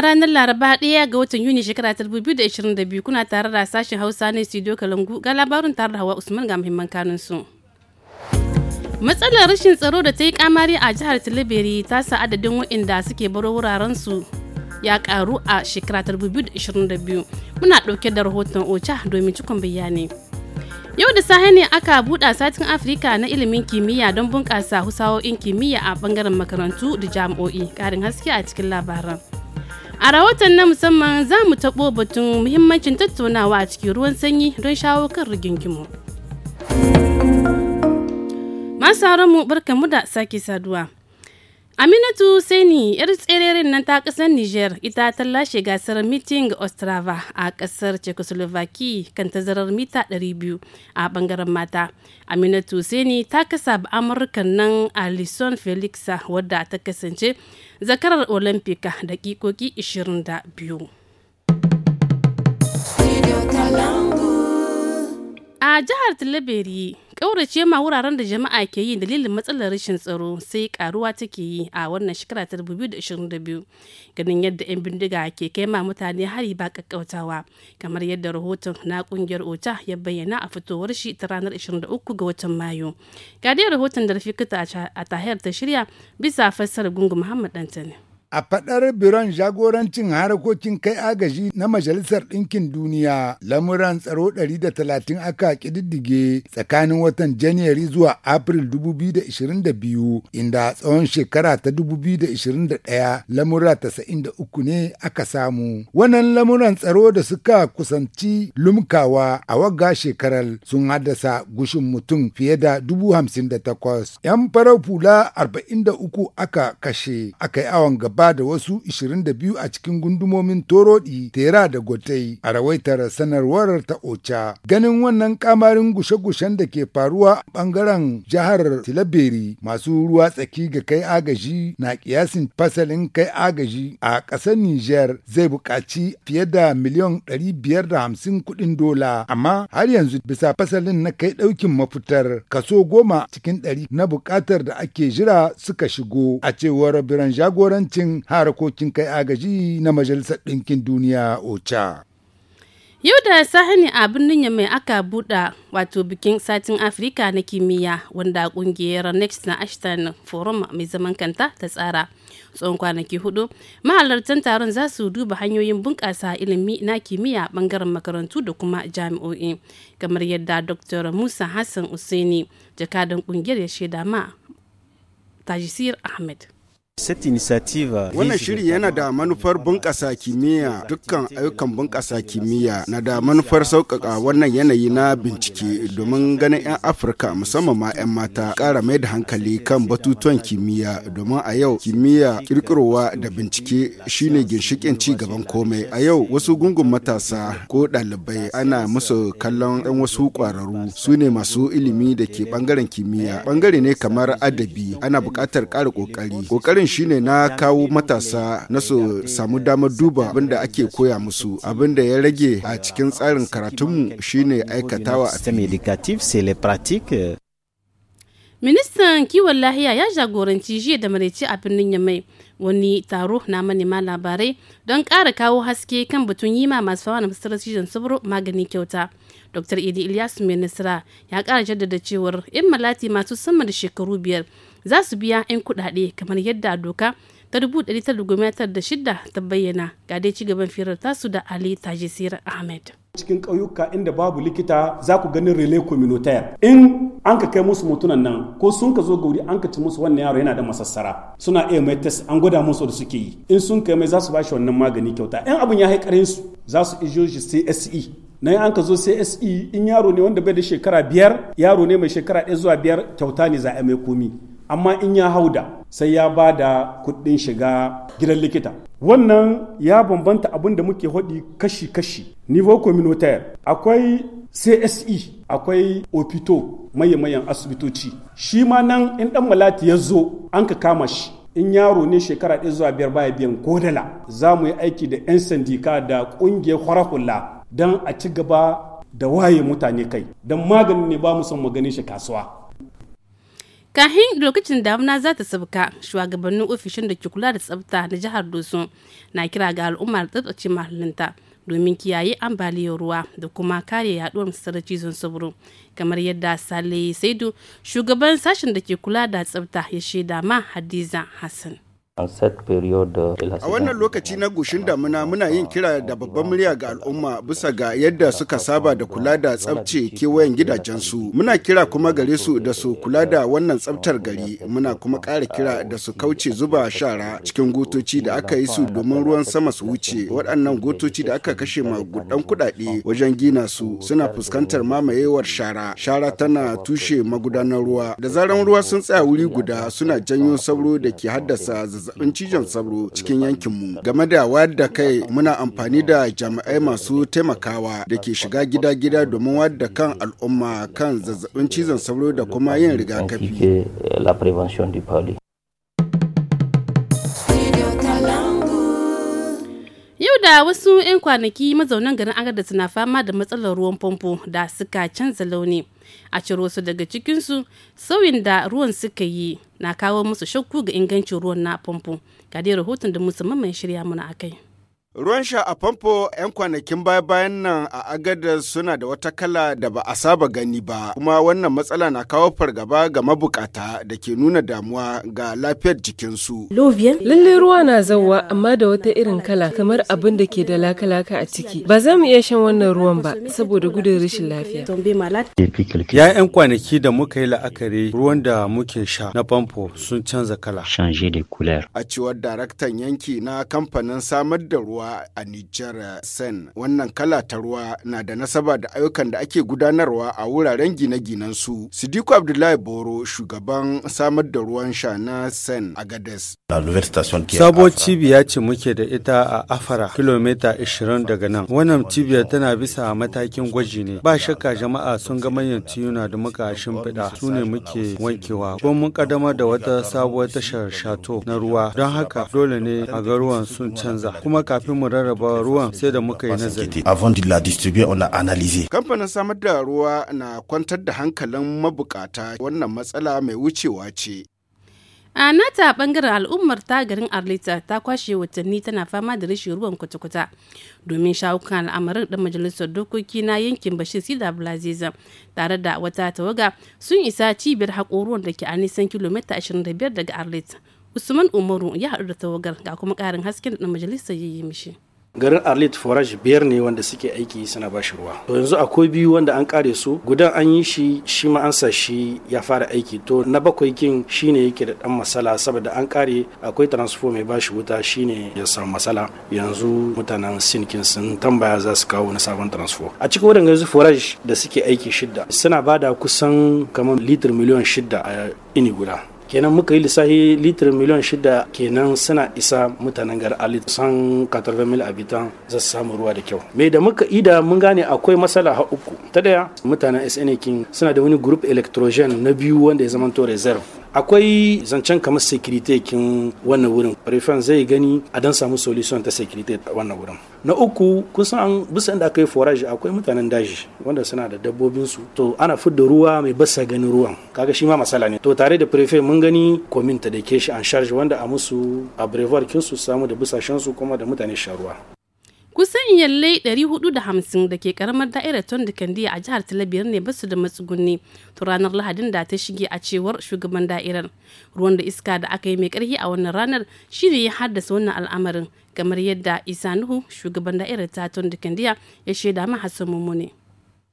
ranar Laraba ɗaya ga watan Yuni shekara ta 2022 kuna tare da sashen Hausa na Studio Kalangu ga labarin tare da Hawa Usman ga muhimman kanun su. Matsalar rashin tsaro da ta yi kamari a jihar Tilibiri ta sa adadin waɗanda suke baro wuraren su ya karu a shekara ta 2022. Muna ɗauke da rahoton OCHA domin cikon bayani. Yau da sahi ne aka buɗa satin Afirka na ilimin kimiyya don bunƙasa husawo'in kimiyya a ɓangaren makarantu da jami'o'i. Ƙarin haske a cikin labaran. A rahoton na musamman za mu taɓo batun muhimmancin tattaunawa a cikin ruwan sanyi don shawo kan rigingimu. Masu mu barkamu da sake saduwa. Aminatu Seni yar tsererin nan ta kasar Niger ita ta lashe gasar meeting Ostrava a kasar Czechoslovakia kan tazarar mita 200 a bangaren mata. Aminatu Seni ta kasa ba Amurka nan Alison Felixa wadda ta kasance zakarar Olympic kikoki 22. a jihar tilaberi ƙaurace ma wuraren da jama'a ke yi dalilin matsalar rashin tsaro sai karuwa take yi a wannan shekara ta 2022 ganin yadda 'yan bindiga ke kai ma mutane hari ba kakkautawa kamar yadda rahoton na kungiyar ota ya bayyana a fitowar shi ta ranar 23 ga watan mayu ga dai rahoton da rafikata a tahiyar ta shirya bisa fassarar gungun muhammad ne. A faɗar biron jagorancin harkokin kai agaji na Majalisar Ɗinkin Duniya, lamuran tsaro 130 aka ƙididdige tsakanin watan Janairu zuwa Afril 2022, inda tsawon shekara ta 2021 lamura 93 ne aka samu. Wannan lamuran tsaro da suka kusanci lumkawa a wagga shekarar sun haddasa gushin mutum fiye da 58,000. 'Yan farar fula 43 aka kashe, aka yi awon gaba ba da wasu 22 a cikin gundumomin Torodi, Tera da Gotai a rawaitar sanarwar ta Ocha. Ganin wannan kamarin gushe-gushen da ke faruwa a bangaren jihar Tilaberi masu ruwa tsaki ga kai agaji na kiyasin fasalin kai agaji a ƙasar Nijar zai buƙaci fiye da miliyan 550 kuɗin dola amma har yanzu bisa fasalin na kai ɗaukin mafitar kaso goma cikin ɗari na buƙatar da ake jira suka shigo a cewar biran jagorancin ofishin kai agaji na majalisar ɗinkin duniya ocha yau da sahani a birnin yamai aka buɗa wato bikin satin afirka na kimiyya wanda ƙungiyar next na ashton forum mai zaman kanta ta tsara tsohon kwanaki hudu mahalartan taron za su duba hanyoyin bunƙasa ilimi na kimiyya bangaren makarantu da kuma jami'o'i kamar yadda dr musa hassan usaini jakadan ƙungiyar ya shaida ma tajisir ahmed Cette initiative Wannan shiri yana da manufar bunƙasa kimiyya dukkan ayyukan bunƙasa kimiyya na da manufar sauƙaƙa wannan yanayi na bincike domin ganin 'yan Afirka musamman ma 'yan mata ƙara mai da hankali kan batutuwan kimiyya domin a yau kimiyya ƙirƙirowa da bincike shine ginshiƙin ci gaban komai. A yau wasu gungun matasa ko ɗalibai ana musu kallon 'yan wasu ƙwararru su ne masu ilimi da ke ɓangaren kimiyya. Ɓangare ne kamar adabi ana buƙatar ƙara ƙoƙari. Ƙoƙarin shine na kawo matasa na su samu damar duba abin ake koya musu abinda ya rage a cikin tsarin karatunmu shine aikatawa a ministan kiwon lahiya ya jagoranci jiya da maraice a birnin yamai wani taro na manema labarai don ƙara kawo haske kan batun yima masu fama da masarar cizon sauro magani kyauta dr idi ilyasu mai nasara ya kara jaddada cewar yan malati masu sama da shekaru biyar za su biya 'yan kuɗaɗe kamar yadda doka ta dubu ɗari ta da ta bayyana ga dai gaban firar tasu da ali tajisir ahmed cikin ƙauyuka inda babu likita za ku ganin rele communautaire in an ka kai musu mutunan nan ko sun ka zo gauri an ka ci musu wannan yaro yana da masassara suna iya mai test an gwada musu da suke yi in sun kai mai za su bashi wannan magani kyauta in abin ya haikarin su za su ijo shi CSE na an ka zo CSE in yaro ne wanda bai da shekara biyar yaro ne mai shekara ɗaya zuwa biyar kyauta ne za a mai komi amma in ya hau da sai ya ba da kuɗin shiga gidan likita wannan ya bambanta abin da muke hodi kashi-kashi nivo communautaire akwai cse akwai opito mayan asibitoci shi ma nan in dan malati ya zo an ka kama shi in yaro ne shekara ɗaya zuwa biyar baya biyan kodala za mu yi aiki da 'yan sandika da ƙungiyar kwarakula don a ci gaba da waye mutane kai don maganin ne ba mu son maganin shi kasuwa kahin lokacin damuna za ta sabka shugabannin ofishin da ke kula da tsafta na jihar doso na kira ga al'umma da tsaftace mahallinta domin kiyaye ambaliyar ruwa da kuma kare yaduwar masarar cizon sauro kamar yadda sale saidu shugaban sashen da ke kula da tsafta ya shaida ma hadiza hassan Eh, a wannan lokaci na gushin damuna muna yin kira da babban murya ga al'umma bisa ga yadda suka saba da kula da tsabce kewayen gidajensu. Muna kira kuma gare su da su kula da wannan tsabtar gari. Muna kuma ƙara kira da su kauce zuba shara cikin gutoci da aka yi su domin ruwan sama su wuce. Waɗannan gutoci da aka kashe magudan kuɗaɗe wajen gina su suna fuskantar mamayewar shara. Shara tana tushe magudanar ruwa. Da zaran ruwa sun tsaya wuri guda suna janyo sauro da ke haddasa zazzabi. zazzabin cizon sauro cikin yankinmu. Game da wadda da kai muna amfani da jami'ai masu taimakawa da ke shiga gida-gida domin wadda kan al'umma kan zazzaɓin cizon sauro da kuma yin rigakafi. da wasu 'yan kwanaki mazaunan garin agadas na fama da matsalar ruwan famfo da suka canza launi a ciro su daga cikinsu sauyin da ruwan suka yi na kawo musu shakku ga ingancin ruwan na famfo ga dai rahoton da musamman mai shirya muna akai. Ruwan sha a famfo 'yan kwanakin baya bayan nan a agada suna da wata kala da ba a saba gani ba, kuma wannan matsala na kawo fargaba ga mabukata da ke nuna damuwa ga lafiyar jikinsu. Lallai ruwa na zauwa amma da wata irin kala kamar abin da ke da lakalaka a ciki. Ba za mu iya shan wannan ruwan ba saboda gudun rashin lafiya. Ya kwanaki da muka yi la'akari ruwan da muke sha na famfo sun canza kala. A cewar daraktan yanki na kamfanin samar da ruwa ruwa a Nijar Sen. Wannan kala ta ruwa na da nasaba da ayyukan da ake gudanarwa a wuraren gine-ginen su. Sidiku Abdullahi Boro shugaban samar da ruwan sha na Sen a Gades. Sabuwar cibiya ce muke da ita a Afara kilomita 20 daga nan. Wannan cibiyar tana bisa matakin gwaji ne. Ba shakka jama'a sun ga manyan tiyuna da muka shimfiɗa su ne muke wankewa. Kuma mun kadamar da wata sabuwar tashar shato na ruwa don haka dole ne a ga ruwan sun canza. Kuma kafin kafin mu rarraba ruwan sai da muka yi nazari. Kamfanin samar da ruwa na kwantar da hankalin mabukata wannan matsala mai wucewa ce. a nata bangaren al'ummar ta garin arlita ta kwashe watanni tana fama da rashin ruwan kwata-kwata domin shawukan al'amarin dan majalisar dokoki na yankin bashir sida blaziza tare da wata tawaga sun isa cibiyar haƙoruwan da ke a nisan kilomita 25 daga arlita usman umaru ya haɗu da tawagar ga kuma ƙarin hasken da majalisa ya yi mishi garin arlit forage biyar ne wanda suke aiki suna ba shi ruwa to yanzu akwai biyu wanda an kare su gudan an yi shi shi ma an shi ya fara aiki to na bakwai kin shine yake da dan masala saboda an kare akwai transform mai bashi wuta shine ya samu masala yanzu mutanen sin kin sun tambaya za su kawo wani sabon transform a cikin wadannan yanzu forage da suke aiki shidda suna bada kusan kamar litir miliyan shidda a ini guda kenan muka yi lissafi litir miliyan shida kenan suna isa mutanen gar ali san 80 mil abitan za su samu ruwa da kyau me da muka ida mun gane akwai matsala ha uku ta daya mutanen sna suna da wani group electrogen na biyu wanda ya zamanto reserve akwai zancen kamar security kin wannan wurin prefen zai gani a dan samu solution ta security wannan wurin na uku kun san bisa inda aka yi forage akwai mutanen daji wanda suna da dabbobin su to ana fidda ruwa mai basa ganin ruwan kaga shi ma masala ne to tare da prefe mun gani komin ta da ke shi an charge wanda a musu a brevoir kin su samu da busashen su kuma da mutane sharuwa kusan ɗari 450 da ke karamar da'irar tondikandiya a jihar talabiyar ne basu da matsuguni to ranar lahadin da ta shige a cewar shugaban da'irar ruwan da iska da aka yi mai karfi a wannan ranar shine ya haddasa wannan al'amarin kamar yadda isa nuhu shugaban da'irar ta tondikandiya ya shaida ma hassan mummune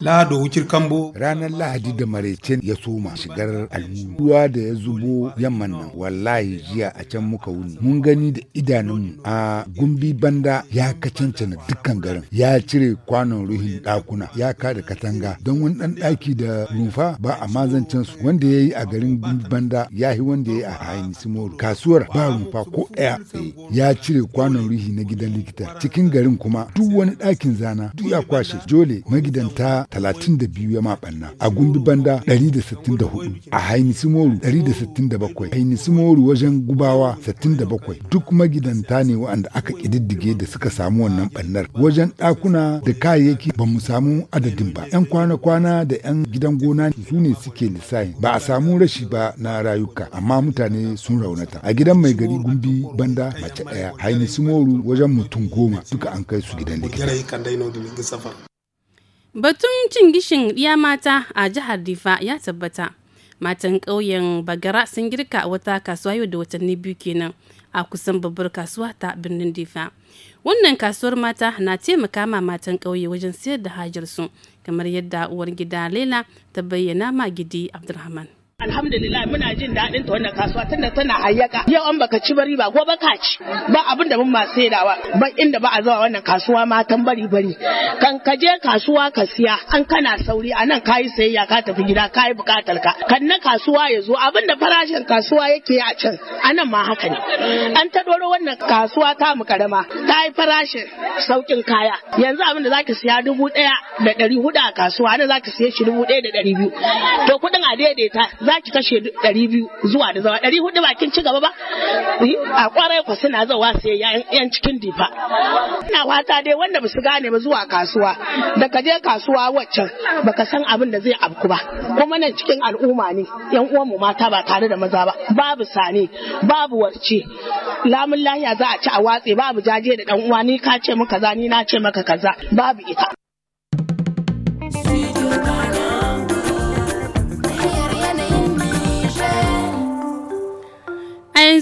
Lado wucir kambo. Ranar Lahadi da maraicen ya soma shigar al'umma. Ruwa da ya zubo yamman nan wallahi jiya a can muka wuni. Mun gani da idanunmu a gumbi banda ya kacancana dukkan garin. Ya cire kwanon ruhin dakuna. ya kada katanga don wani dan daki da rumfa ba a mazancin su wanda ya yi a garin gumbi banda ya yi wanda ya yi a hayin simoru. Kasuwar ba rumfa ko ɗaya tsaye ya cire kwanon ruhi na gidan likita. Cikin garin kuma duk wani ɗakin zana duk ya kwashe. Jole magidanta 32 ya banna a gumbi banda 164 a hainisi moru 167 hainisi moru wajen gubawa 67 duk magidanta ne waɗanda aka ƙididdige da suka samu wannan bannar. wajen ɗakuna da kayayyaki ba mu samu adadin ba 'yan kwana-kwana da 'yan gidan gona su ne suke lissahi ba a samu rashi ba na rayuka amma mutane sun raunata a gidan mai gari gumbi banda mace ɗaya hainisi moru wajen mutum goma duka an kai su gidan likita Batun cin gishin ɗiya mata a jihar Difa ya tabbata. Matan ƙauyen Bagara sun girka wata kasuwa yau da watanni biyu kenan a kusan babbar kasuwa ta birnin Difa. Wannan kasuwar mata na taimaka ma matan ƙauye wajen sayar da hajarsu kamar yadda uwar gida Laila ta bayyana ma gidi Abdulrahman. alhamdulillah muna jin daɗin ta wannan kasuwa tunda tana hayyaka yau an baka ci bari ba gobe ka ci ba abin da mun ma saidawa ba inda ba a zuwa wannan kasuwa ma, tan bari bari kan ka je kasuwa ka siya an kana sauri a nan kayi sayayya ka tafi gida kayi bukatar ka kan na kasuwa ya zo abin da farashin kasuwa yake a can a nan ma haka ne an ta doro wannan kasuwa ta mu karama ta yi farashin saukin kaya yanzu abin da zaki siya dubu ɗaya da ɗari hudu a kasuwa ana zaki siya shi dubu ɗaya da ɗari biyu to kuɗin a daidaita za ki kashe ɗari biyu zuwa da zawa ɗari hudu bakin ci gaba ba a kwarai ku suna zawa sai yan cikin difa ina wata dai wanda ba su gane ba zuwa kasuwa da ka je kasuwa waccan baka san abin da zai abku ba kuma nan cikin al'umma ne yan uwan mu mata ba tare da maza ba babu sani babu Wacce, lamun lahiya za a ci a watse babu jaje da dan uwa ni ka ce maka za ni na ce maka kaza babu ita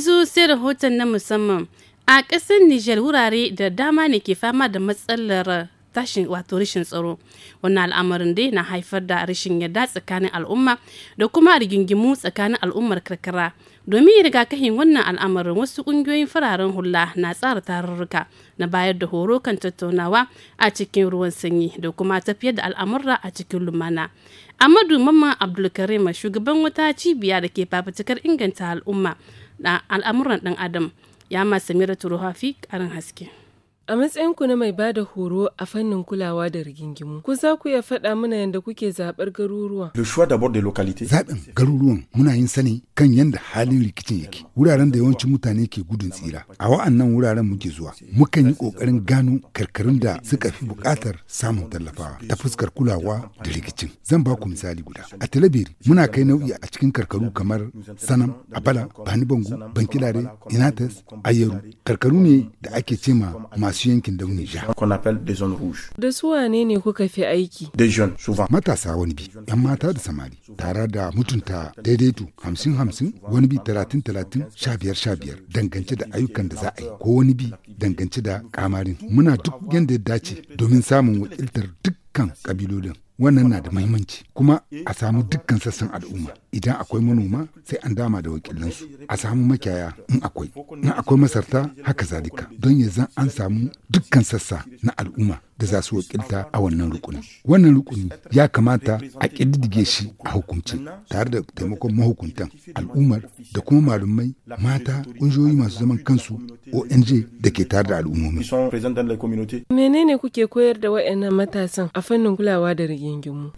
yanzu sai rahoton na musamman a ƙasar nijar wurare da dama ne ke fama da matsalar tashin wato rashin tsaro wannan al'amarin dai na haifar da rashin yarda tsakanin al'umma da kuma rigingimu tsakanin al'ummar karkara domin rigakafin wannan al'amarin wasu ƙungiyoyin fararen hula na tsara tarurruka na bayar da horo kan tattaunawa a cikin ruwan sanyi da kuma tafiyar da al'amurra a cikin lumana amadu mamman abdulkarima shugaban wata cibiya da ke fafutukar inganta al'umma al'amuran dan adam ya ma samira turuhafi ƙarin haske A matsayinku na mai ba da horo a fannin kulawa da rigingimu, ku za ku iya faɗa mana yadda kuke zaɓar garuruwa. Le choix d'abord des localités. Zaɓin garuruwan muna yin sani kan yadda halin rikicin yake. Wuraren da yawancin mutane ke gudun tsira. A wa'annan wuraren muke zuwa. Mukan yi ƙoƙarin gano karkarun da suka fi buƙatar samun tallafawa ta fuskar kulawa da rikicin. Zan ba ku misali guda. A Talabiri muna kai nau'i a cikin karkaru kamar Sanam, Abala, Bani Bangu, Bankilare, Inatas, Ayeru. Karkaru ne da ake cema masu wasu yankin launin ja. Da su wane ne kuka fi aiki? Matasa wani bi, 'yan mata da samari, tare da mutunta daidaito hamsin hamsin wani bi talatin talatin sha biyar dangance da ayyukan da za a yi ko wani bi dangance da kamarin. Muna duk yadda ya dace domin samun wakiltar dukkan kabilolin. Wannan na da mahimmanci kuma a samu dukkan sassan al'umma. Idan akwai manoma sai an dama da wakilansu. A samu makiyaya in akwai. In akwai masarta haka zalika don yanzu an samu dukkan sassa na al'umma da za su wakilta a wannan rukuni. Wannan rukuni ya kamata a ƙididdige shi a hukunci tare da taimakon mahukuntan al'ummar da kuma malumai mata ƙungiyoyi masu zaman kansu ONG da ke tare da al'ummomi. Menene kuke koyar da waɗannan matasan a fannin kulawa da rigingimu?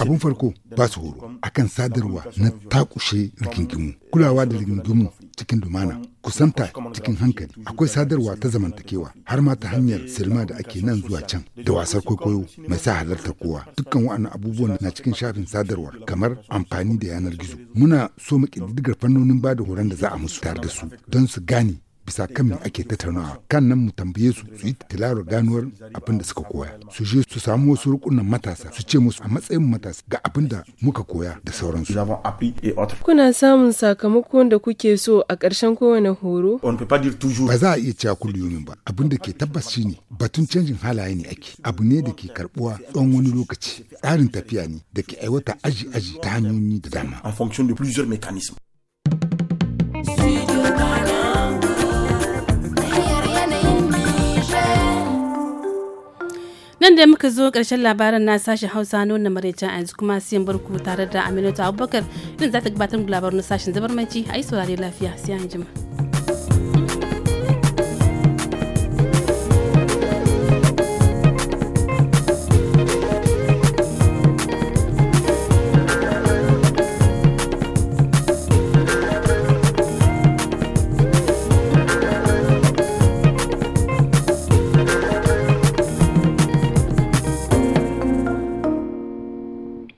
Abun farko ba su horo akan sadarwa na takushe rigingimu. Kulawa da rigingimu cikin lumana, kusanta cikin hankali. Akwai sadarwa ta zamantakewa har ma ta hanyar silma da ake nan zuwa can da wasar kwaikwayo mai sa halartar kowa. Dukkan waɗannan abubuwan na cikin shafin sadarwar kamar amfani da yanar gizo. Muna so mu ƙididdigar fannonin bada horon da za a musu tare da su don su gane bisa kan me ake tattaunawa kan nan mu tambaye su su yi tilarar ganuwar abin da suka koya su je su samu wasu rukunan matasa su ce musu a matsayin matasa ga abin da muka koya da sauransu kuna samun sakamakon da kuke so a ƙarshen kowane horo ba za a iya cewa kulliyomin ba abin da ke tabbas ne batun canjin halaye ne ake abu ne da ke karbuwa tsawon wani lokaci tsarin tafiya ne da ke aiwata aji aji ta hanyoyi da dama en fonction Nan da muka zo karshen labarin na sashen Hausa nuna maraicin a yanzu kuma siyan barku tare da Aminatu Abubakar din za ta gabatar da labarin sashen zabarmanci a yi saurare lafiya sai an jima.